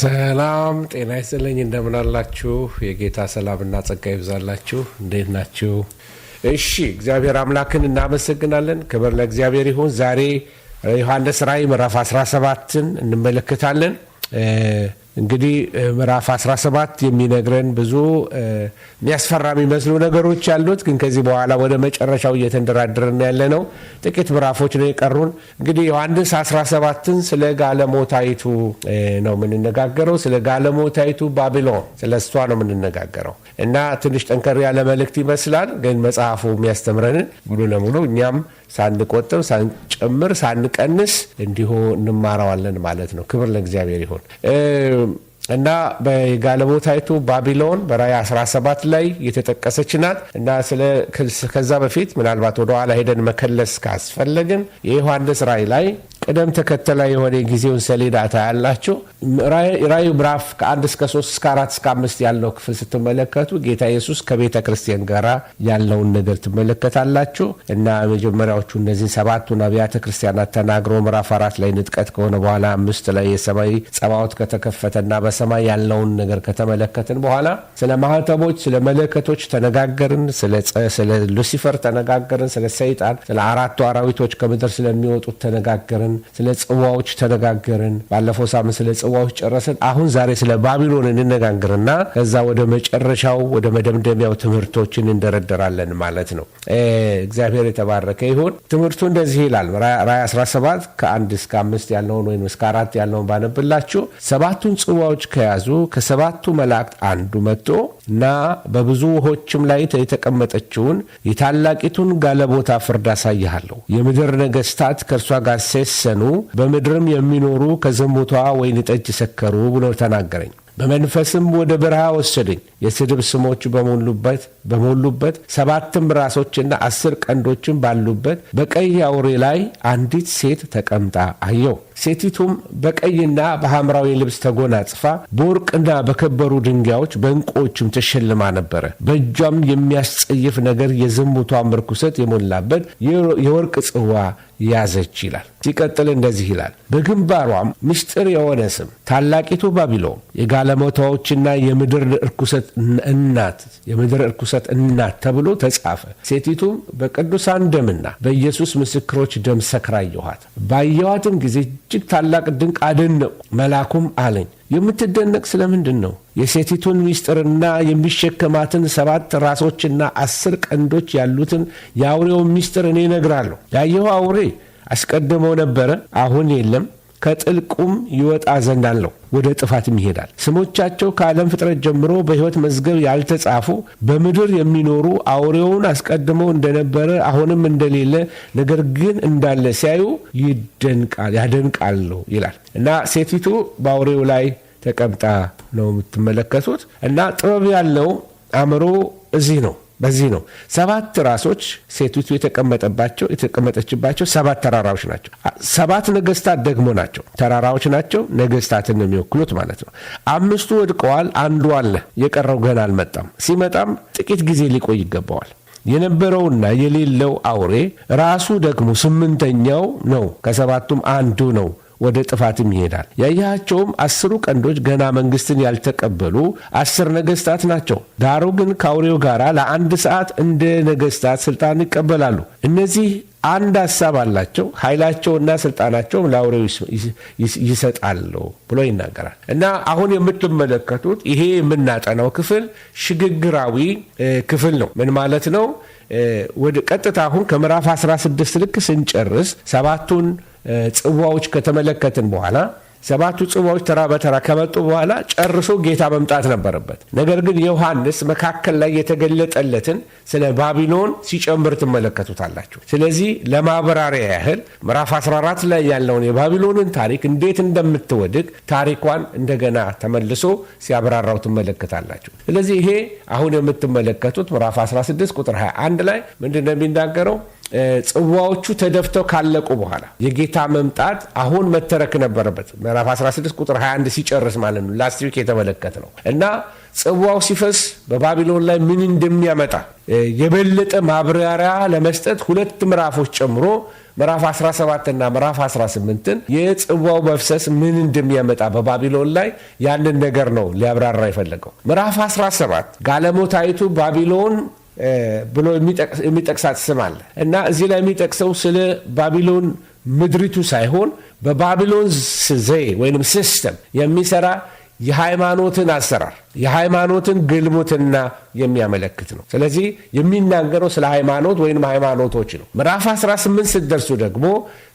ሰላም ጤና ይስጥልኝ። እንደምናላችሁ የጌታ ሰላምና ጸጋ ይብዛላችሁ። እንዴት ናችሁ? እሺ፣ እግዚአብሔር አምላክን እናመሰግናለን። ክብር ለእግዚአብሔር ይሁን። ዛሬ ዮሐንስ ራእይ ምዕራፍ 17ን እንመለከታለን። እንግዲህ ምዕራፍ 17 የሚነግረን ብዙ የሚያስፈራ የሚመስሉ ነገሮች ያሉት ግን ከዚህ በኋላ ወደ መጨረሻው እየተንደራደርን ያለ ነው። ጥቂት ምዕራፎች ነው የቀሩን። እንግዲህ ዮሐንስ 17ን ስለ ጋለሞታይቱ ነው የምንነጋገረው፣ ስለ ጋለሞታይቱ ባቢሎን፣ ስለ እሷ ነው የምንነጋገረው እና ትንሽ ጠንከር ያለ መልእክት ይመስላል። ግን መጽሐፉ የሚያስተምረንን ሙሉ ለሙሉ እኛም ሳንቆጥብ፣ ሳንጨምር፣ ሳንቀንስ እንዲሁ እንማረዋለን ማለት ነው። ክብር ለእግዚአብሔር ይሁን እና በጋለሞታይቱ ባቢሎን በራእይ 17 ላይ የተጠቀሰች ናት እና ከዛ በፊት ምናልባት ወደኋላ ሄደን መከለስ ካስፈለግን የዮሐንስ ራእይ ላይ ቅደም ተከተላ የሆነ ጊዜውን ሰሌዳ ታያላችሁ። ራዩ ምዕራፍ ከአንድ እስከ ሶስት እስከ አራት እስከ አምስት ያለው ክፍል ስትመለከቱ ጌታ ኢየሱስ ከቤተ ክርስቲያን ጋር ያለውን ነገር ትመለከታላችሁ እና መጀመሪያዎቹ እነዚህ ሰባቱን አብያተ ክርስቲያናት ተናግሮ ምዕራፍ አራት ላይ ንጥቀት ከሆነ በኋላ አምስት ላይ የሰማይ ጸባዖት ከተከፈተና በሰማይ ያለውን ነገር ከተመለከትን በኋላ ስለ ማህተቦች፣ ስለ መለከቶች ተነጋገርን። ስለ ሉሲፈር ተነጋገርን። ስለ ሰይጣን፣ ስለ አራቱ አራዊቶች ከምድር ስለሚወጡት ተነጋገርን። ተነጋገርን፣ ስለ ጽዋዎች ተነጋገርን። ባለፈው ሳምንት ስለ ጽዋዎች ጨረስን። አሁን ዛሬ ስለ ባቢሎን እንነጋገርና ከዛ ወደ መጨረሻው ወደ መደምደሚያው ትምህርቶችን እንደረደራለን ማለት ነው። እግዚአብሔር የተባረከ ይሁን። ትምህርቱ እንደዚህ ይላል። ራይ 17 ከአንድ እስከ አምስት ያለውን ወይም እስከ አራት ያለውን ባነብላችሁ ሰባቱን ጽዋዎች ከያዙ ከሰባቱ መላእክት አንዱ መጥቶ እና በብዙ ውሆችም ላይ የተቀመጠችውን የታላቂቱን ጋለቦታ ፍርድ አሳይሃለሁ። የምድር ነገሥታት ከእርሷ ጋር ሴሰኑ፣ በምድርም የሚኖሩ ከዝሙቷ ወይን ጠጅ ሰከሩ ብሎ ተናገረኝ። በመንፈስም ወደ በረሃ ወሰደኝ። የስድብ ስሞች በሞሉበት በሞሉበት ሰባትም ራሶችና አስር ቀንዶችም ባሉበት በቀይ አውሬ ላይ አንዲት ሴት ተቀምጣ አየው። ሴቲቱም በቀይና በሐምራዊ ልብስ ተጎናጽፋ በወርቅና በከበሩ ድንጋዮች በእንቁዎችም ተሸልማ ነበረ። በእጇም የሚያስጸይፍ ነገር የዝሙቷም ምርኩሰት የሞላበት የወርቅ ጽዋ ያዘች ይላል። ሲቀጥል እንደዚህ ይላል፣ በግንባሯም ምስጢር የሆነ ስም ታላቂቱ ባቢሎን የጋለሞታዎችና የምድር እርኩሰት እናት የምድር እርኩሰት እናት ተብሎ ተጻፈ። ሴቲቱም በቅዱሳን ደምና በኢየሱስ ምስክሮች ደም ሰክራ አየኋት። ባየኋትም ጊዜ እጅግ ታላቅ ድንቅ አደነቁ። መልአኩም አለኝ የምትደነቅ ስለምንድን ነው? የሴቲቱን ምስጢርና የሚሸከማትን ሰባት ራሶችና አስር ቀንዶች ያሉትን የአውሬውን ምስጢር እኔ እነግራለሁ። ያየሁ አውሬ አስቀድሞ ነበረ፣ አሁን የለም ከጥልቁም ይወጣ ዘንድ አለው፣ ወደ ጥፋትም ይሄዳል። ስሞቻቸው ከዓለም ፍጥረት ጀምሮ በሕይወት መዝገብ ያልተጻፉ በምድር የሚኖሩ አውሬውን አስቀድመው እንደነበረ አሁንም እንደሌለ ነገር ግን እንዳለ ሲያዩ ይደንቃል ያደንቃሉ ይላል እና ሴቲቱ በአውሬው ላይ ተቀምጣ ነው የምትመለከቱት እና ጥበብ ያለው አእምሮ እዚህ ነው በዚህ ነው ሰባት ራሶች ሴቲቱ የተቀመጠባቸው የተቀመጠችባቸው ሰባት ተራራዎች ናቸው። ሰባት ነገስታት ደግሞ ናቸው ተራራዎች ናቸው ነገስታትን የሚወክሉት ማለት ነው። አምስቱ ወድቀዋል፣ አንዱ አለ የቀረው ገና አልመጣም። ሲመጣም ጥቂት ጊዜ ሊቆይ ይገባዋል። የነበረውና የሌለው አውሬ ራሱ ደግሞ ስምንተኛው ነው፣ ከሰባቱም አንዱ ነው ወደ ጥፋትም ይሄዳል። ያያቸውም አስሩ ቀንዶች ገና መንግስትን ያልተቀበሉ አስር ነገስታት ናቸው። ዳሩ ግን ከአውሬው ጋር ለአንድ ሰዓት እንደ ነገስታት ስልጣን ይቀበላሉ። እነዚህ አንድ ሀሳብ አላቸው። ኃይላቸውና ስልጣናቸውም ለአውሬው ይሰጣሉ ብሎ ይናገራል እና አሁን የምትመለከቱት ይሄ የምናጠናው ክፍል ሽግግራዊ ክፍል ነው። ምን ማለት ነው? ወደ ቀጥታ አሁን ከምዕራፍ 16 ልክ ስንጨርስ ሰባቱን ጽዋዎች ከተመለከትን በኋላ ሰባቱ ጽዋዎች ተራ በተራ ከመጡ በኋላ ጨርሶ ጌታ መምጣት ነበረበት። ነገር ግን ዮሐንስ መካከል ላይ የተገለጠለትን ስለ ባቢሎን ሲጨምር ትመለከቱታላችሁ። ስለዚህ ለማብራሪያ ያህል ምዕራፍ 14 ላይ ያለውን የባቢሎንን ታሪክ እንዴት እንደምትወድቅ ታሪኳን እንደገና ተመልሶ ሲያብራራው ትመለከታላችሁ። ስለዚህ ይሄ አሁን የምትመለከቱት ምዕራፍ 16 ቁጥር 21 ላይ ምንድን ነው የሚናገረው? ጽዋዎቹ ተደፍተው ካለቁ በኋላ የጌታ መምጣት አሁን መተረክ ነበረበት። ምዕራፍ 16 ቁጥር 21 ሲጨርስ ማለት ነው። ላስት ዊክ የተመለከት ነው እና ጽዋው ሲፈስ በባቢሎን ላይ ምን እንደሚያመጣ የበለጠ ማብራሪያ ለመስጠት ሁለት ምዕራፎች ጨምሮ ምዕራፍ 17 እና ምዕራፍ 18ን የጽዋው መፍሰስ ምን እንደሚያመጣ በባቢሎን ላይ ያንን ነገር ነው ሊያብራራ የፈለገው። ምዕራፍ 17 ጋለሞታይቱ ባቢሎን ብሎ የሚጠቅሳት ስም አለ እና እዚህ ላይ የሚጠቅሰው ስለ ባቢሎን ምድሪቱ ሳይሆን በባቢሎን ዘዬ ወይም ሲስተም የሚሰራ የሃይማኖትን አሰራር የሃይማኖትን ግልሙትና የሚያመለክት ነው። ስለዚህ የሚናገረው ስለ ሃይማኖት ወይም ሃይማኖቶች ነው። ምዕራፍ 18 ስትደርሱ ደግሞ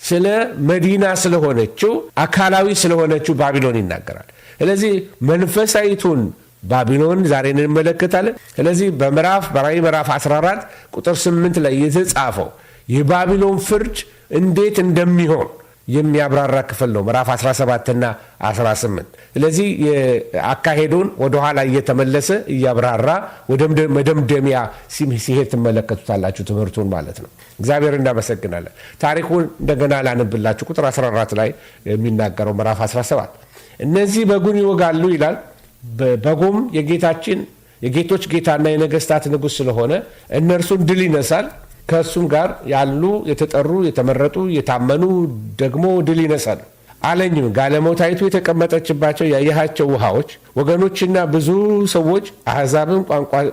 ስለ መዲና ስለሆነችው አካላዊ ስለሆነችው ባቢሎን ይናገራል። ስለዚህ መንፈሳዊቱን ባቢሎን ዛሬን እንመለከታለን። ስለዚህ በምዕራፍ በራዕይ ምዕራፍ 14 ቁጥር 8 ላይ የተጻፈው የባቢሎን ፍርድ እንዴት እንደሚሆን የሚያብራራ ክፍል ነው። ምዕራፍ 17ና 18 ስለዚህ አካሄዱን ወደኋላ እየተመለሰ እያብራራ ወደ መደምደሚያ ሲሄድ ትመለከቱታላችሁ፣ ትምህርቱን ማለት ነው። እግዚአብሔር እናመሰግናለን። ታሪኩን እንደገና ላንብላችሁ። ቁጥር 14 ላይ የሚናገረው ምዕራፍ 17 እነዚህ በጉን ይወጋሉ ይላል በጎም የጌታችን የጌቶች ጌታና የነገስታት ንጉሥ ስለሆነ እነርሱን ድል ይነሳል። ከእሱም ጋር ያሉ የተጠሩ የተመረጡ የታመኑ ደግሞ ድል ይነሳሉ። አለኝም ጋለሞታይቱ የተቀመጠችባቸው ያየሃቸው ውሃዎች ወገኖችና ብዙ ሰዎች አሕዛብም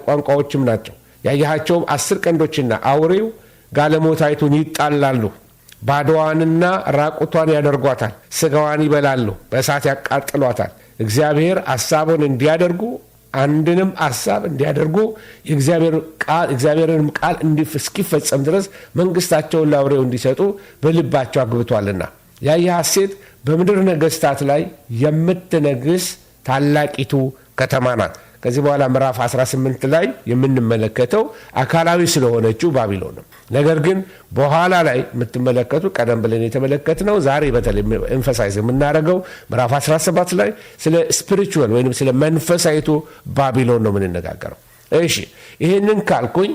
ቋንቋዎችም ናቸው። ያየሃቸውም አስር ቀንዶችና አውሬው ጋለሞታይቱን ይጣላሉ። ባዶዋንና ራቁቷን ያደርጓታል። ስጋዋን ይበላሉ፣ በእሳት ያቃጥሏታል። እግዚአብሔር ሐሳቡን እንዲያደርጉ አንድንም ሐሳብ እንዲያደርጉ የእግዚአብሔርንም ቃል እስኪፈጸም ድረስ መንግስታቸውን ለአውሬው እንዲሰጡ በልባቸው አግብቷልና ያየ ሐሴት በምድር ነገስታት ላይ የምትነግስ ታላቂቱ ከተማ ናት። ከዚህ በኋላ ምዕራፍ 18 ላይ የምንመለከተው አካላዊ ስለሆነችው ባቢሎን ነው። ነገር ግን በኋላ ላይ የምትመለከቱ ቀደም ብለን የተመለከትነው ዛሬ በተለይ ኤንፈሳይዝ የምናደርገው ምዕራፍ 17 ላይ ስለ ስፒሪቹዋል ወይም ስለ መንፈሳዊቱ ባቢሎን ነው የምንነጋገረው። እሺ ይህንን ካልኩኝ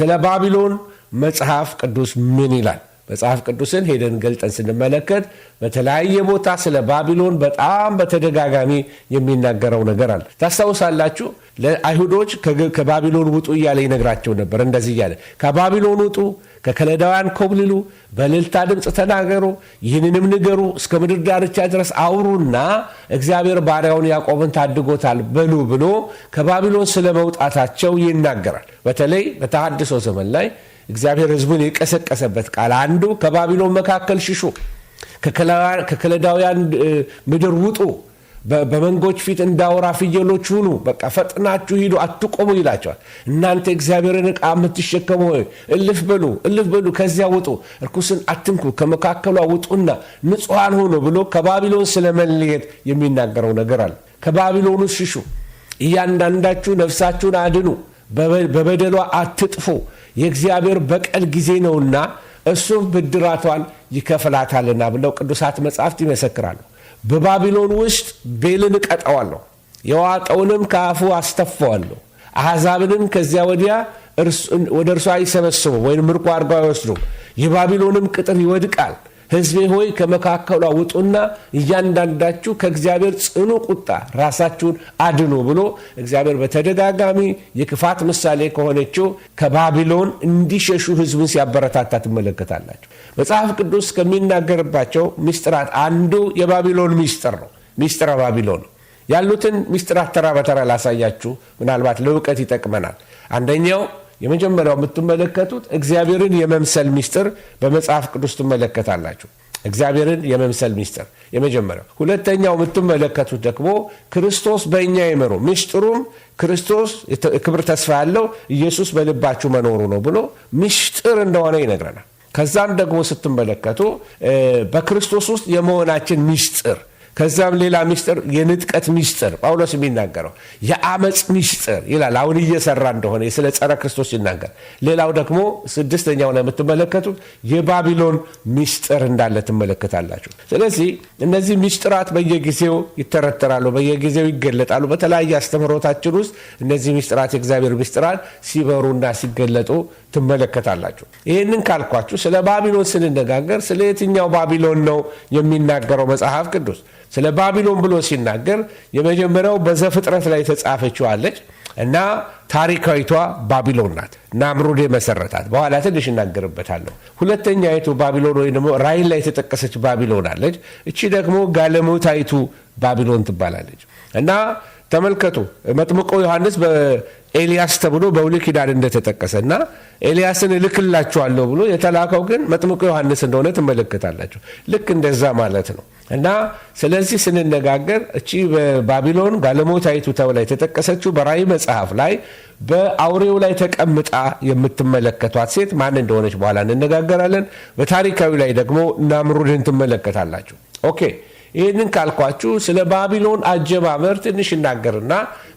ስለ ባቢሎን መጽሐፍ ቅዱስ ምን ይላል? መጽሐፍ ቅዱስን ሄደን ገልጠን ስንመለከት በተለያየ ቦታ ስለ ባቢሎን በጣም በተደጋጋሚ የሚናገረው ነገር አለ። ታስታውሳላችሁ? ለአይሁዶች ከባቢሎን ውጡ እያለ ይነግራቸው ነበር። እንደዚህ እያለ ከባቢሎን ውጡ፣ ከከለዳውያን ኮብልሉ፣ በልልታ ድምፅ ተናገሩ፣ ይህንንም ንገሩ፣ እስከ ምድር ዳርቻ ድረስ አውሩና እግዚአብሔር ባሪያውን ያዕቆብን ታድጎታል በሉ ብሎ ከባቢሎን ስለ መውጣታቸው ይናገራል። በተለይ በተሃድሶ ዘመን ላይ እግዚአብሔር ህዝቡን የቀሰቀሰበት ቃል አንዱ ከባቢሎን መካከል ሽሹ፣ ከከለዳውያን ምድር ውጡ፣ በመንጎች ፊት እንዳውራ ፍየሎች ሁኑ፣ በቃ ፈጥናችሁ ሂዱ፣ አትቆሙ ይላቸዋል። እናንተ እግዚአብሔርን ዕቃ የምትሸከሙ ሆይ እልፍ በሉ፣ እልፍ በሉ፣ ከዚያ ውጡ፣ እርኩስን አትንኩ፣ ከመካከሏ ውጡና ንጹሐን ሁኑ ብሎ ከባቢሎን ስለመለየት የሚናገረው ነገር አለ። ከባቢሎኑ ሽሹ፣ እያንዳንዳችሁ ነፍሳችሁን አድኑ በበደሏ አትጥፉ፣ የእግዚአብሔር በቀል ጊዜ ነውና እሱም ብድራቷን ይከፍላታልና ብለው ቅዱሳት መጻሕፍት ይመሰክራሉ። በባቢሎን ውስጥ ቤልን እቀጠዋለሁ፣ የዋጠውንም ከአፉ አስተፋዋለሁ፣ አሕዛብንም ከዚያ ወዲያ ወደ እርሷ አይሰበስቡም ወይም ምርኮ አድርገው አይወስዱም፣ የባቢሎንም ቅጥር ይወድቃል ሕዝቤ ሆይ ከመካከሏ ውጡና እያንዳንዳችሁ ከእግዚአብሔር ጽኑ ቁጣ ራሳችሁን አድኑ ብሎ እግዚአብሔር በተደጋጋሚ የክፋት ምሳሌ ከሆነችው ከባቢሎን እንዲሸሹ ሕዝቡን ሲያበረታታ ትመለከታላችሁ። መጽሐፍ ቅዱስ ከሚናገርባቸው ሚስጥራት አንዱ የባቢሎን ሚስጥር ነው። ሚስጥረ ባቢሎን ያሉትን ሚስጥራት ተራ በተራ ላሳያችሁ፣ ምናልባት ለእውቀት ይጠቅመናል። አንደኛው የመጀመሪያው የምትመለከቱት እግዚአብሔርን የመምሰል ሚስጥር በመጽሐፍ ቅዱስ ትመለከታላችሁ። እግዚአብሔርን የመምሰል ሚስጥር የመጀመሪያው። ሁለተኛው የምትመለከቱት ደግሞ ክርስቶስ በእኛ ይመሩ ሚስጥሩም ክርስቶስ ክብር ተስፋ ያለው ኢየሱስ በልባችሁ መኖሩ ነው ብሎ ሚስጥር እንደሆነ ይነግረናል። ከዛም ደግሞ ስትመለከቱ በክርስቶስ ውስጥ የመሆናችን ሚስጥር ከዛም ሌላ ሚስጥር የንጥቀት ሚስጥር ጳውሎስ የሚናገረው የአመፅ ሚስጥር ይላል። አሁን እየሰራ እንደሆነ ስለ ጸረ ክርስቶስ ይናገር። ሌላው ደግሞ ስድስተኛው ላይ የምትመለከቱት የባቢሎን ሚስጥር እንዳለ ትመለከታላችሁ። ስለዚህ እነዚህ ሚስጥራት በየጊዜው ይተረተራሉ፣ በየጊዜው ይገለጣሉ። በተለያየ አስተምህሮታችን ውስጥ እነዚህ ሚስጥራት የእግዚአብሔር ሚስጥራት ሲበሩና ሲገለጡ ትመለከታላችሁ። ይህንን ካልኳችሁ ስለ ባቢሎን ስንነጋገር ስለ የትኛው ባቢሎን ነው የሚናገረው መጽሐፍ ቅዱስ? ስለ ባቢሎን ብሎ ሲናገር የመጀመሪያው በዘፍጥረት ላይ ተጻፈችዋለች እና ታሪካዊቷ ባቢሎን ናት። ናምሩድ መሰረታት። በኋላ ትንሽ እናገርበታለሁ። ሁለተኛይቱ ባቢሎን ወይ ደግሞ ራእይ ላይ የተጠቀሰች ባቢሎን አለች። እቺ ደግሞ ጋለሞታይቱ ባቢሎን ትባላለች እና ተመልከቱ መጥምቆ ዮሐንስ በኤልያስ ተብሎ በብሉይ ኪዳን እንደተጠቀሰ እና ኤልያስን እልክላችኋለሁ ብሎ የተላከው ግን መጥምቆ ዮሐንስ እንደሆነ ትመለከታላችሁ። ልክ እንደዛ ማለት ነው እና ስለዚህ ስንነጋገር እቺ በባቢሎን ጋለሞታይቱ ተብላ የተጠቀሰችው በራእይ መጽሐፍ ላይ በአውሬው ላይ ተቀምጣ የምትመለከቷት ሴት ማን እንደሆነች በኋላ እንነጋገራለን። በታሪካዊ ላይ ደግሞ ናምሩድን ትመለከታላችሁ። ኦኬ ይህንን ካልኳችሁ ስለ ባቢሎን አጀማመር ትንሽ እናገርና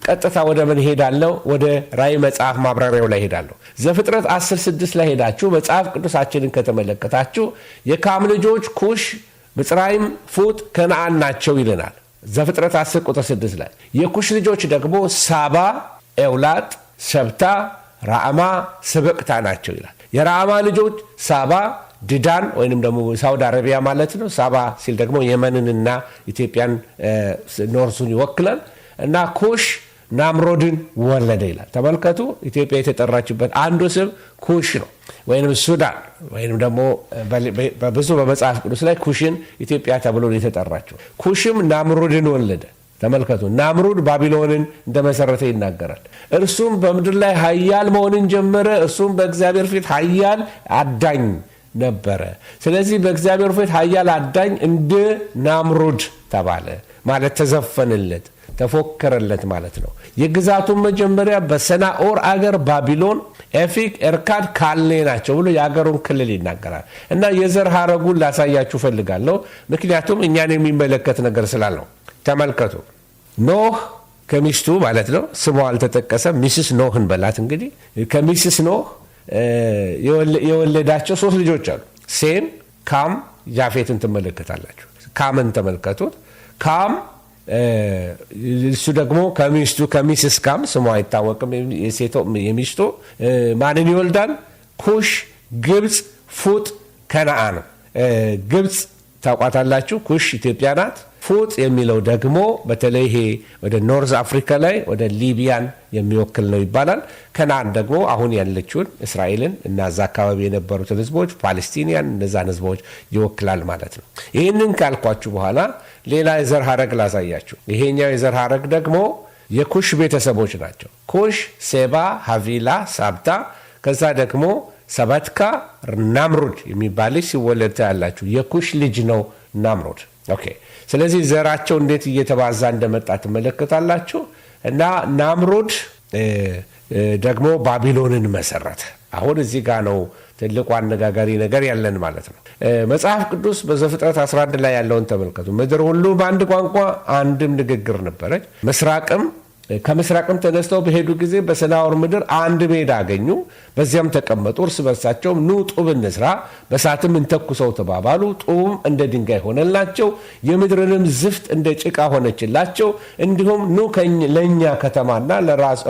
ቀጥታ ወደ ምን ሄዳለሁ? ወደ ራእይ መጽሐፍ ማብራሪያው ላይ ሄዳለሁ። ዘፍጥረት 16 ላይ ሄዳችሁ መጽሐፍ ቅዱሳችንን ከተመለከታችሁ የካም ልጆች ኩሽ፣ ምጽራይም፣ ፉጥ፣ ከነአን ናቸው ይለናል። ዘፍጥረት 10 ቁጥር 6 ላይ የኩሽ ልጆች ደግሞ ሳባ፣ ኤውላጥ፣ ሰብታ፣ ራዕማ፣ ስበቅታ ናቸው ይላል። የራዕማ ልጆች ሳባ ድዳን ወይም ደግሞ ሳውዲ አረቢያ ማለት ነው። ሳባ ሲል ደግሞ የመንንና ኢትዮጵያን ኖርሱን ይወክላል እና ኩሽ ናምሮድን ወለደ ይላል። ተመልከቱ ኢትዮጵያ የተጠራችበት አንዱ ስም ኩሽ ነው፣ ወይም ሱዳን ወይም ደግሞ በብዙ በመጽሐፍ ቅዱስ ላይ ኩሽን ኢትዮጵያ ተብሎ የተጠራችው። ኩሽም ናምሩድን ወለደ። ተመልከቱ ናምሩድ ባቢሎንን እንደመሰረተ ይናገራል። እርሱም በምድር ላይ ሀያል መሆንን ጀመረ። እርሱም በእግዚአብሔር ፊት ሀያል አዳኝ ነበረ። ስለዚህ በእግዚአብሔር ፊት ኃያል አዳኝ እንደ ናምሩድ ተባለ ማለት ተዘፈንለት፣ ተፎከረለት ማለት ነው። የግዛቱን መጀመሪያ በሰናኦር አገር ባቢሎን፣ ኤፊክ፣ ኤርካድ፣ ካልኔ ናቸው ብሎ የአገሩን ክልል ይናገራል። እና የዘር ሀረጉን ላሳያችሁ ፈልጋለሁ፣ ምክንያቱም እኛን የሚመለከት ነገር ስላለው ተመልከቱ። ኖህ ከሚስቱ ማለት ነው፣ ስሟ አልተጠቀሰም። ሚስስ ኖህን በላት እንግዲህ ከሚስስ ኖህ የወለዳቸው ሶስት ልጆች አሉ። ሴም፣ ካም፣ ያፌትን ትመለከታላችሁ። ካምን ተመልከቱት። ካም እሱ ደግሞ ከሚስቱ ከሚስስ ካም ስሙ አይታወቅም የሚስቱ ማንን ይወልዳል? ኩሽ፣ ግብፅ፣ ፉጥ፣ ከነአን። ግብፅ ታውቋታላችሁ። ኩሽ ኢትዮጵያ ናት። ፉጥ የሚለው ደግሞ በተለይ ይሄ ወደ ኖርዝ አፍሪካ ላይ ወደ ሊቢያን የሚወክል ነው ይባላል። ከነአን ደግሞ አሁን ያለችውን እስራኤልን እና እዛ አካባቢ የነበሩትን ህዝቦች ፓለስቲኒያን፣ እነዛን ህዝቦች ይወክላል ማለት ነው። ይህንን ካልኳችሁ በኋላ ሌላ የዘር ሀረግ ላሳያችሁ። ይሄኛው የዘር ሀረግ ደግሞ የኩሽ ቤተሰቦች ናቸው። ኩሽ፣ ሴባ፣ ሀቪላ፣ ሳብታ ከዛ ደግሞ ሰበትካ ናምሩድ የሚባል ልጅ ሲወለድ ታያላችሁ። የኩሽ ልጅ ነው ናምሮድ። ኦኬ። ስለዚህ ዘራቸው እንዴት እየተባዛ እንደመጣ ትመለከታላችሁ። እና ናምሮድ ደግሞ ባቢሎንን መሰረተ። አሁን እዚህ ጋር ነው ትልቁ አነጋጋሪ ነገር ያለን ማለት ነው። መጽሐፍ ቅዱስ በዘፍጥረት 11 ላይ ያለውን ተመልከቱ። ምድር ሁሉ በአንድ ቋንቋ አንድም ንግግር ነበረች። ምስራቅም ከምስራቅም ተነስተው በሄዱ ጊዜ በሰናወር ምድር አንድ ሜዳ አገኙ። በዚያም ተቀመጡ። እርስ በርሳቸውም ኑ ጡብ እንስራ፣ በሳትም እንተኩሰው ተባባሉ። ጡቡም እንደ ድንጋይ ሆነላቸው፣ የምድርንም ዝፍት እንደ ጭቃ ሆነችላቸው። እንዲሁም ኑ ለእኛ ከተማና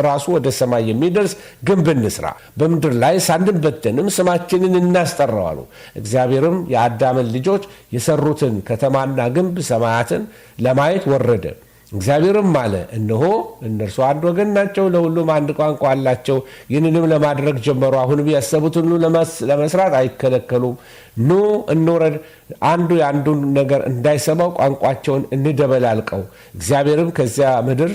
ራሱ ወደ ሰማይ የሚደርስ ግንብ እንስራ፣ በምድር ላይ ሳንበተንም ስማችንን እናስጠራዋሉ። እግዚአብሔርም የአዳምን ልጆች የሰሩትን ከተማና ግንብ ሰማያትን ለማየት ወረደ። እግዚአብሔርም አለ እነሆ እነርሱ አንድ ወገን ናቸው፣ ለሁሉም አንድ ቋንቋ አላቸው። ይህንንም ለማድረግ ጀመሩ። አሁንም ያሰቡት ሁሉ ለመስራት አይከለከሉም። ኑ እንውረድ፣ አንዱ የአንዱን ነገር እንዳይሰማው ቋንቋቸውን እንደበላልቀው። እግዚአብሔርም ከዚያ ምድር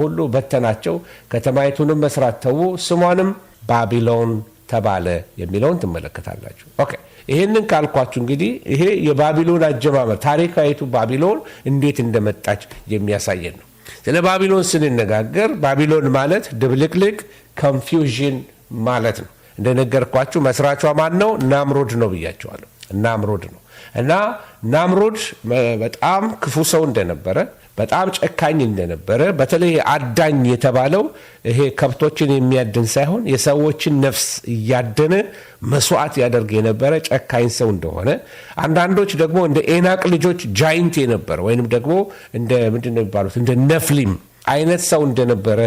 ሁሉ በተናቸው፣ ከተማይቱንም መስራት ተዉ፣ ስሟንም ባቢሎን ተባለ የሚለውን ትመለከታላችሁ። ኦኬ ይሄንን ካልኳችሁ እንግዲህ ይሄ የባቢሎን አጀማመር ታሪካዊቱ ባቢሎን እንዴት እንደመጣች የሚያሳየን ነው። ስለ ባቢሎን ስንነጋገር ባቢሎን ማለት ድብልቅልቅ ኮንፊውዥን ማለት ነው። እንደነገርኳችሁ መስራቿ ማን ነው? ናምሮድ ነው ብያቸዋለሁ። ናምሮድ ነው እና ናምሮድ በጣም ክፉ ሰው እንደነበረ በጣም ጨካኝ እንደነበረ በተለይ አዳኝ የተባለው ይሄ ከብቶችን የሚያድን ሳይሆን የሰዎችን ነፍስ እያደነ መስዋዕት ያደርግ የነበረ ጨካኝ ሰው እንደሆነ አንዳንዶች ደግሞ እንደ ኤናቅ ልጆች ጃይንት የነበረ ወይንም ደግሞ እንደ ምንድን ነው የሚባሉት እንደ ነፍሊም አይነት ሰው እንደነበረ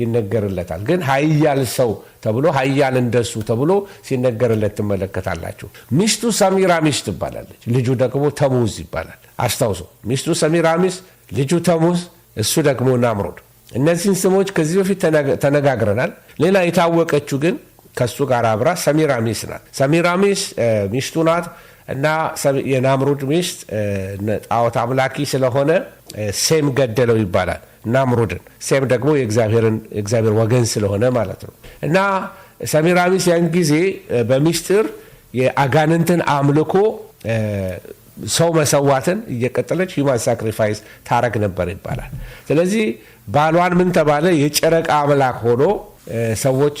ይነገርለታል። ግን ሀያል ሰው ተብሎ ሀያል እንደሱ ተብሎ ሲነገርለት ትመለከታላችሁ። ሚስቱ ሰሚራሚስ ትባላለች። ልጁ ደግሞ ተሙዝ ይባላል። አስታውሶ ሚስቱ ሰሚራሚስ፣ ልጁ ተሙዝ፣ እሱ ደግሞ ናምሮድ። እነዚህን ስሞች ከዚህ በፊት ተነጋግረናል። ሌላ የታወቀችው ግን ከሱ ጋር አብራ ሰሚራሚስ ናት። ሰሚራሚስ ሚስቱ ናት እና የናምሩድ ሚስት ጣዖት አምላኪ ስለሆነ ሴም ገደለው ይባላል። ናምሩድን ሴም ደግሞ የእግዚአብሔር ወገን ስለሆነ ማለት ነው እና ሰሚራሚስ ያን ጊዜ በሚስጢር የአጋንንትን አምልኮ ሰው መሰዋትን እየቀጠለች ሂማን ሳክሪፋይስ ታረግ ነበር ይባላል። ስለዚህ ባሏን ምን ተባለ? የጨረቃ አምላክ ሆኖ ሰዎች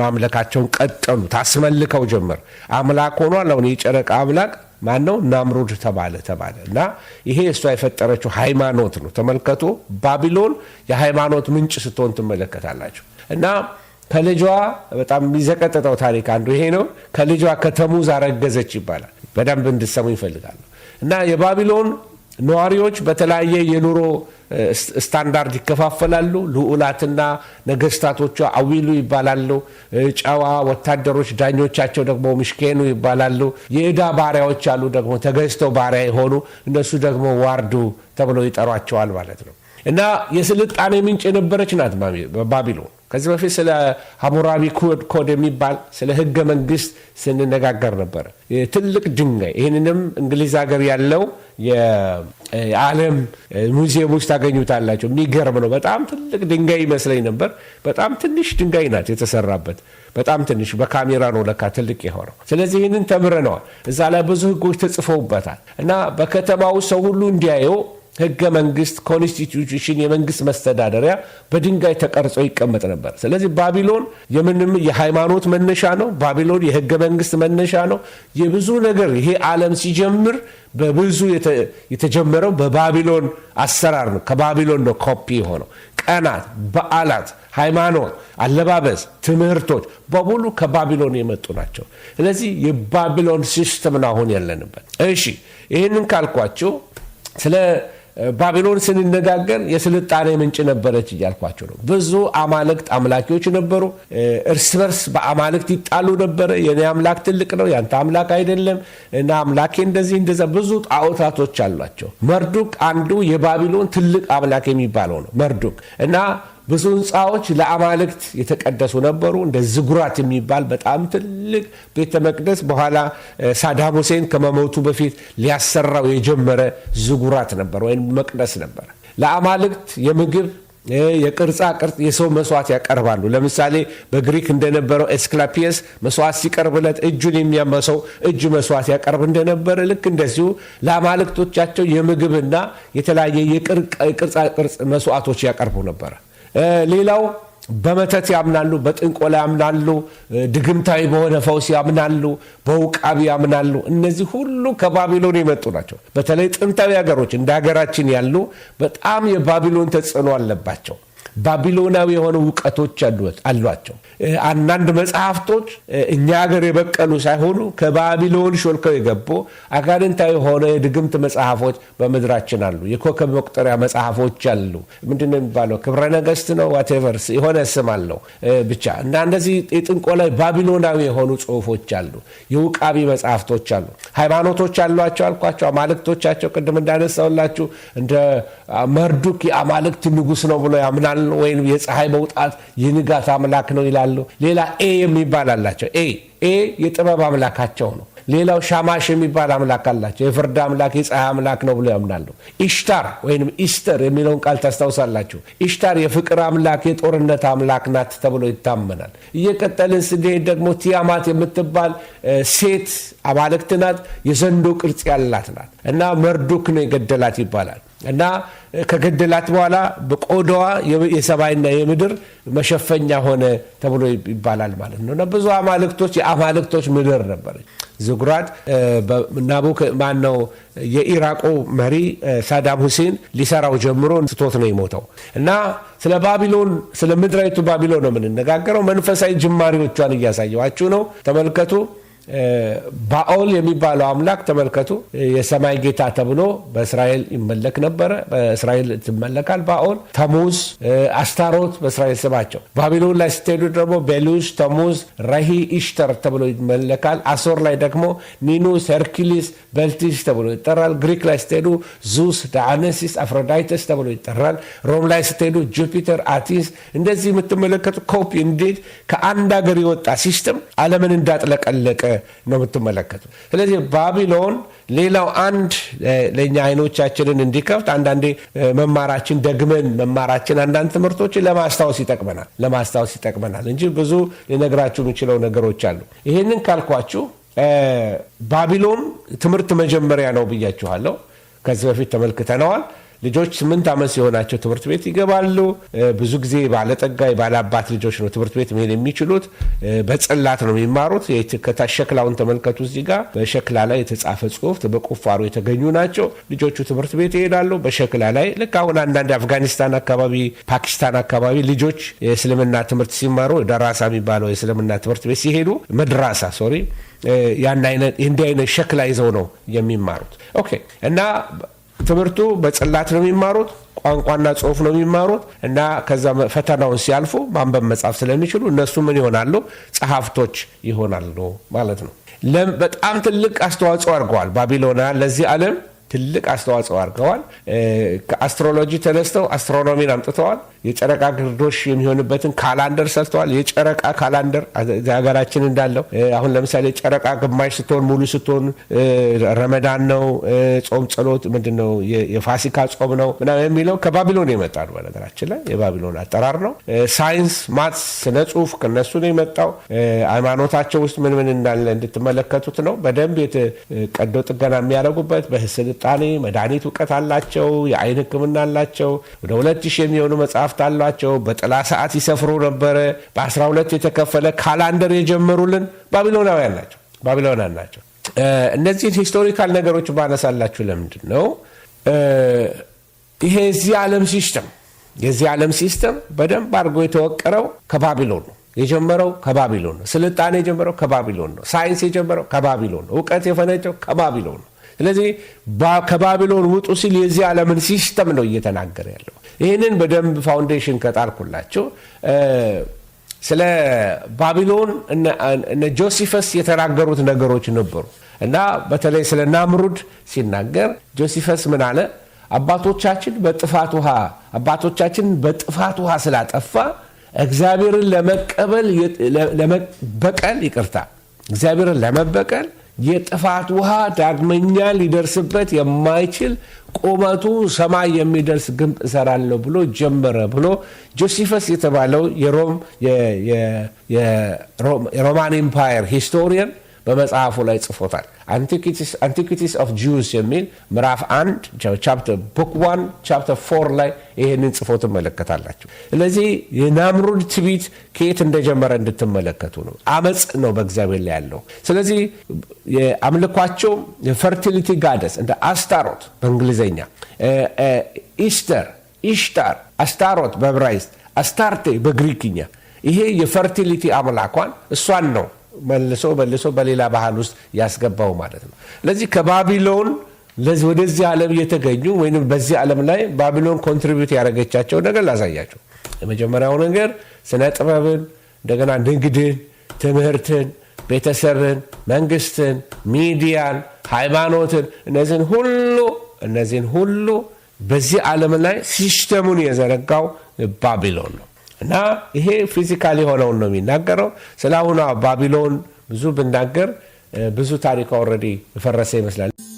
ማምለካቸውን ቀጠሉ። ታስመልከው ጀምር አምላክ ሆኗል። አሁን የጨረቃ አምላክ ማነው ናምሩድ ተባለ ተባለ እና ይሄ እሷ የፈጠረችው ሃይማኖት ነው። ተመልከቱ፣ ባቢሎን የሃይማኖት ምንጭ ስትሆን ትመለከታላችሁ እና ከልጇ በጣም የሚዘቀጥጠው ታሪክ አንዱ ይሄ ነው። ከልጇ ከተሙዝ አረገዘች ይባላል። በደንብ እንድሰሙ ይፈልጋሉ እና የባቢሎን ነዋሪዎች በተለያየ የኑሮ ስታንዳርድ ይከፋፈላሉ። ልዑላትና ነገስታቶቿ አዊሉ ይባላሉ። ጨዋ ወታደሮች ዳኞቻቸው ደግሞ ምሽኬኑ ይባላሉ። የእዳ ባሪያዎች አሉ ደግሞ ተገዝተው ባሪያ የሆኑ እነሱ ደግሞ ዋርዱ ተብለው ይጠሯቸዋል ማለት ነው። እና የስልጣኔ ምንጭ የነበረች ናት ባቢሎን። ከዚህ በፊት ስለ ሀሙራቢ ኮድ የሚባል ስለ ህገ መንግስት ስንነጋገር ነበር። ትልቅ ድንጋይ ይህንንም እንግሊዝ ሀገር ያለው የዓለም ሙዚየም ውስጥ ታገኙታላቸው። የሚገርም ነው። በጣም ትልቅ ድንጋይ ይመስለኝ ነበር። በጣም ትንሽ ድንጋይ ናት የተሰራበት፣ በጣም ትንሽ። በካሜራ ነው ለካ ትልቅ የሆነው። ስለዚህ ይህንን ተምረነዋል። እዛ ላይ ብዙ ህጎች ተጽፈውበታል እና በከተማው ሰው ሁሉ እንዲያየው ህገ መንግስት ኮንስቲቱሽን፣ የመንግስት መስተዳደሪያ በድንጋይ ተቀርጾ ይቀመጥ ነበር። ስለዚህ ባቢሎን የምንም የሃይማኖት መነሻ ነው። ባቢሎን የህገ መንግስት መነሻ ነው። የብዙ ነገር ይሄ ዓለም ሲጀምር በብዙ የተጀመረው በባቢሎን አሰራር ነው። ከባቢሎን ነው ኮፒ የሆነው። ቀናት፣ በዓላት፣ ሃይማኖት፣ አለባበስ፣ ትምህርቶች በሙሉ ከባቢሎን የመጡ ናቸው። ስለዚህ የባቢሎን ሲስተም ነው አሁን ያለንበት። እሺ ይህንን ካልኳቸው ስለ ባቢሎን ስንነጋገር የስልጣኔ ምንጭ ነበረች እያልኳቸው ነው። ብዙ አማልክት አምላኪዎች ነበሩ። እርስ በርስ በአማልክት ይጣሉ ነበረ። የኔ አምላክ ትልቅ ነው፣ ያንተ አምላክ አይደለም እና አምላኬ እንደዚህ እንደዛ፣ ብዙ ጣዖታቶች አሏቸው። መርዱቅ አንዱ የባቢሎን ትልቅ አምላክ የሚባለው ነው መርዱቅ እና ብዙ ህንፃዎች ለአማልክት የተቀደሱ ነበሩ። እንደ ዝጉራት የሚባል በጣም ትልቅ ቤተ መቅደስ በኋላ ሳዳም ሁሴን ከመሞቱ በፊት ሊያሰራው የጀመረ ዝጉራት ነበር ወይም መቅደስ ነበር። ለአማልክት የምግብ የቅርጻ ቅርጽ የሰው መስዋዕት ያቀርባሉ። ለምሳሌ በግሪክ እንደነበረው ኤስክላፒየስ መስዋዕት ሲቀርብለት እጁን የሚያመሰው እጅ መስዋዕት ያቀርብ እንደነበረ ልክ እንደዚሁ ለአማልክቶቻቸው የምግብና የተለያየ የቅርጻ ቅርጽ መስዋዕቶች ያቀርቡ ነበረ። ሌላው በመተት ያምናሉ፣ በጥንቆላ ያምናሉ፣ ድግምታዊ በሆነ ፈውስ ያምናሉ፣ በውቃቢ ያምናሉ። እነዚህ ሁሉ ከባቢሎን የመጡ ናቸው። በተለይ ጥንታዊ ሀገሮች እንደ ሀገራችን ያሉ በጣም የባቢሎን ተጽዕኖ አለባቸው። ባቢሎናዊ የሆኑ እውቀቶች አሏቸው። አንዳንድ መጽሐፍቶች እኛ ሀገር የበቀሉ ሳይሆኑ ከባቢሎን ሾልከው የገቡ አጋንንታዊ የሆነ የድግምት መጽሐፎች በምድራችን አሉ። የኮከብ መቁጠሪያ መጽሐፎች አሉ። ምንድን ነው የሚባለው? ክብረ ነገስት ነው ዋቴቨር የሆነ ስም አለው ብቻ እና እንደዚህ ላይ ባቢሎናዊ የሆኑ ጽሁፎች አሉ። የውቃቢ መጽሐፍቶች አሉ። ሃይማኖቶች አሏቸው አልኳቸው። አማልክቶቻቸው ቅድም እንዳነሳውላችሁ እንደ መርዱክ የአማልክት ንጉስ ነው ብሎ ያምናል ቀን ወይም የፀሐይ መውጣት የንጋት አምላክ ነው ይላሉ። ሌላ ኤ የሚባል አላቸው። ኤ ኤ የጥበብ አምላካቸው ነው። ሌላው ሻማሽ የሚባል አምላክ አላቸው። የፍርድ አምላክ የፀሐይ አምላክ ነው ብሎ ያምናሉ። ኢሽታር ወይም ኢስተር የሚለውን ቃል ታስታውሳላችሁ። ኢሽታር የፍቅር አምላክ፣ የጦርነት አምላክ ናት ተብሎ ይታመናል። እየቀጠልን ስንሄድ ደግሞ ቲያማት የምትባል ሴት አማልክት ናት። የዘንዶ ቅርጽ ያላት ናት እና መርዶክ ነው የገደላት ይባላል። እና ከገደላት በኋላ በቆዳዋ የሰማይና የምድር መሸፈኛ ሆነ ተብሎ ይባላል ማለት ነው። ብዙ አማልክቶች የአማልክቶች ምድር ነበረች። ዝጉራት ናቡክ ማን ነው? የኢራቁ መሪ ሳዳም ሁሴን ሊሰራው ጀምሮ ስቶት ነው የሞተው። እና ስለ ባቢሎን ስለ ምድራዊቱ ባቢሎን ነው የምንነጋገረው። መንፈሳዊ ጅማሬዎቿን እያሳየኋችሁ ነው። ተመልከቱ። ባኦል የሚባለው አምላክ ተመልከቱ፣ የሰማይ ጌታ ተብሎ በእስራኤል ይመለክ ነበረ። በእስራኤል ትመለካል ባኦል፣ ተሙዝ፣ አስታሮት በእስራኤል ስማቸው። ባቢሎን ላይ ስትሄዱ ደግሞ ቤሉስ፣ ተሙዝ፣ ረሂ፣ ኢሽተር ተብሎ ይመለካል። አሶር ላይ ደግሞ ኒኑስ፣ ሄርኪሊስ፣ በልቲስ ተብሎ ይጠራል። ግሪክ ላይ ስትሄዱ ዙስ፣ ዳአነሲስ፣ አፍሮዳይተስ ተብሎ ይጠራል። ሮም ላይ ስትሄዱ ጁፒተር፣ አቲስ። እንደዚህ የምትመለከቱ ኮፒ እንዴት ከአንድ ሀገር የወጣ ሲስተም አለምን እንዳጥለቀለቀ ነው የምትመለከቱ ስለዚህ ባቢሎን ሌላው አንድ ለእኛ አይኖቻችንን እንዲከፍት አንዳንዴ መማራችን ደግመን መማራችን አንዳንድ ትምህርቶችን ለማስታወስ ይጠቅመናል ለማስታወስ ይጠቅመናል እንጂ ብዙ ልነግራችሁ የምችለው ነገሮች አሉ። ይህንን ካልኳችሁ ባቢሎን ትምህርት መጀመሪያ ነው ብያችኋለሁ። ከዚህ በፊት ተመልክተነዋል። ልጆች ስምንት ዓመት ሲሆናቸው ትምህርት ቤት ይገባሉ። ብዙ ጊዜ ባለጠጋ ባለአባት ልጆች ነው ትምህርት ቤት መሄድ የሚችሉት። በጽላት ነው የሚማሩት። ሸክላውን ተመልከቱ። እዚህ ጋር በሸክላ ላይ የተጻፈ ጽሁፍ በቁፋሮ የተገኙ ናቸው። ልጆቹ ትምህርት ቤት ይሄዳሉ በሸክላ ላይ ልክ አሁን አንዳንድ አፍጋኒስታን አካባቢ፣ ፓኪስታን አካባቢ ልጆች የእስልምና ትምህርት ሲማሩ ደራሳ የሚባለው የእስልምና ትምህርት ቤት ሲሄዱ መድራሳ ሶሪ ያን እንዲህ አይነት ሸክላ ይዘው ነው የሚማሩት። ኦኬ እና ትምህርቱ በጽላት ነው የሚማሩት ቋንቋና ጽሁፍ ነው የሚማሩት እና ከዛ ፈተናውን ሲያልፉ ማንበብ መጻፍ ስለሚችሉ እነሱ ምን ይሆናሉ? ጸሐፍቶች ይሆናሉ ማለት ነው። በጣም ትልቅ አስተዋጽኦ አድርገዋል። ባቢሎና ለዚህ ዓለም ትልቅ አስተዋጽኦ አድርገዋል። ከአስትሮሎጂ ተነስተው አስትሮኖሚን አምጥተዋል። የጨረቃ ግርዶሽ የሚሆንበትን ካላንደር ሰርተዋል። የጨረቃ ካላንደር ሀገራችን እንዳለው አሁን ለምሳሌ ጨረቃ ግማሽ ስትሆን ሙሉ ስትሆን ረመዳን ነው ጾም ጸሎት ምንድን ነው የፋሲካ ጾም ነው ምናምን የሚለው ከባቢሎን የመጣ ነው። በነገራችን ላይ የባቢሎን አጠራር ነው። ሳይንስ፣ ማትስ፣ ስነ ጽሁፍ ከነሱ ነው የመጣው። ሃይማኖታቸው ውስጥ ምን ምን እንዳለ እንድትመለከቱት ነው። በደንብ ቀዶ ጥገና የሚያደርጉበት በስልጣኔ መድኃኒት እውቀት አላቸው። የአይን ህክምና አላቸው። ወደ ሁለት ሺህ የሚሆኑ መጽሐፍ መጽሐፍት አሏቸው። በጥላ ሰዓት ይሰፍሩ ነበረ። በ12 የተከፈለ ካላንደር የጀመሩልን ባቢሎናውያን ናቸው፣ ባቢሎናን ናቸው። እነዚህን ሂስቶሪካል ነገሮች ባነሳላችሁ ለምንድን ነው? ይሄ የዚህ ዓለም ሲስተም የዚህ ዓለም ሲስተም በደንብ አድርጎ የተወቀረው ከባቢሎን ነው። የጀመረው ከባቢሎን ነው። ስልጣኔ የጀመረው ከባቢሎን ነው። ሳይንስ የጀመረው ከባቢሎን ነው። እውቀት የፈነጨው ከባቢሎን ነው። ስለዚህ ከባቢሎን ውጡ ሲል የዚህ ዓለምን ሲስተም ነው እየተናገረ ያለው። ይህንን በደንብ ፋውንዴሽን ከጣርኩላቸው ስለ ባቢሎን እነ ጆሲፈስ የተናገሩት ነገሮች ነበሩ እና በተለይ ስለ ናምሩድ ሲናገር ጆሲፈስ ምን አለ? አባቶቻችን በጥፋት ውሃ አባቶቻችን በጥፋት ውሃ ስላጠፋ እግዚአብሔርን ለመቀበል ለመበቀል ይቅርታ እግዚአብሔርን ለመበቀል የጥፋት ውሃ ዳግመኛ ሊደርስበት የማይችል ቁመቱ ሰማይ የሚደርስ ግንብ እሰራለሁ ብሎ ጀመረ ብሎ ጆሲፈስ የተባለው የሮማን ኢምፓየር ሂስቶሪየን በመጽሐፉ ላይ ጽፎታል። አንቲኩቲስ ኦፍ ጂውስ የሚል ምዕራፍ 1 ቻፕተር ቡክ 1 ቻፕተር 4 ላይ ይህንን ጽፎ ትመለከታላችሁ። ስለዚህ የናምሩድ ትቢት ከየት እንደጀመረ እንድትመለከቱ ነው። አመፅ ነው በእግዚአብሔር ላይ ያለው። ስለዚህ የአምልኳቸው የፈርቲሊቲ ጋደስ እንደ አስታሮት በእንግሊዝኛ ኢስተር፣ ኢሽታር፣ አስታሮት በብራይስ አስታርቴ በግሪክኛ ይሄ የፈርቲሊቲ አምላኳን እሷን ነው መልሶ መልሶ በሌላ ባህል ውስጥ ያስገባው ማለት ነው። ለዚህ ከባቢሎን ወደዚህ ዓለም እየተገኙ ወይም በዚህ ዓለም ላይ ባቢሎን ኮንትሪቢዩት ያደረገቻቸው ነገር ላሳያቸው። የመጀመሪያው ነገር ስነ ጥበብን፣ እንደገና ንግድን፣ ትምህርትን፣ ቤተሰብን፣ መንግስትን፣ ሚዲያን፣ ሃይማኖትን እነዚህን ሁሉ እነዚህን ሁሉ በዚህ ዓለም ላይ ሲስተሙን የዘረጋው ባቢሎን ነው። እና ይሄ ፊዚካል የሆነውን ነው የሚናገረው። ስለ አሁኗ ባቢሎን ብዙ ብናገር ብዙ ታሪክ ኦልሬዲ የፈረሰ ይመስላል።